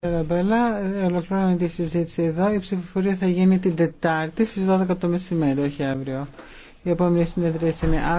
Ραμπέλα, ολοκληρώνω τη συζήτηση εδώ. Η ψηφοφορία θα γίνει την Τετάρτη στις 12 το μεσημέρι, όχι αύριο. Η επόμενη συνεδρία είναι αύριο.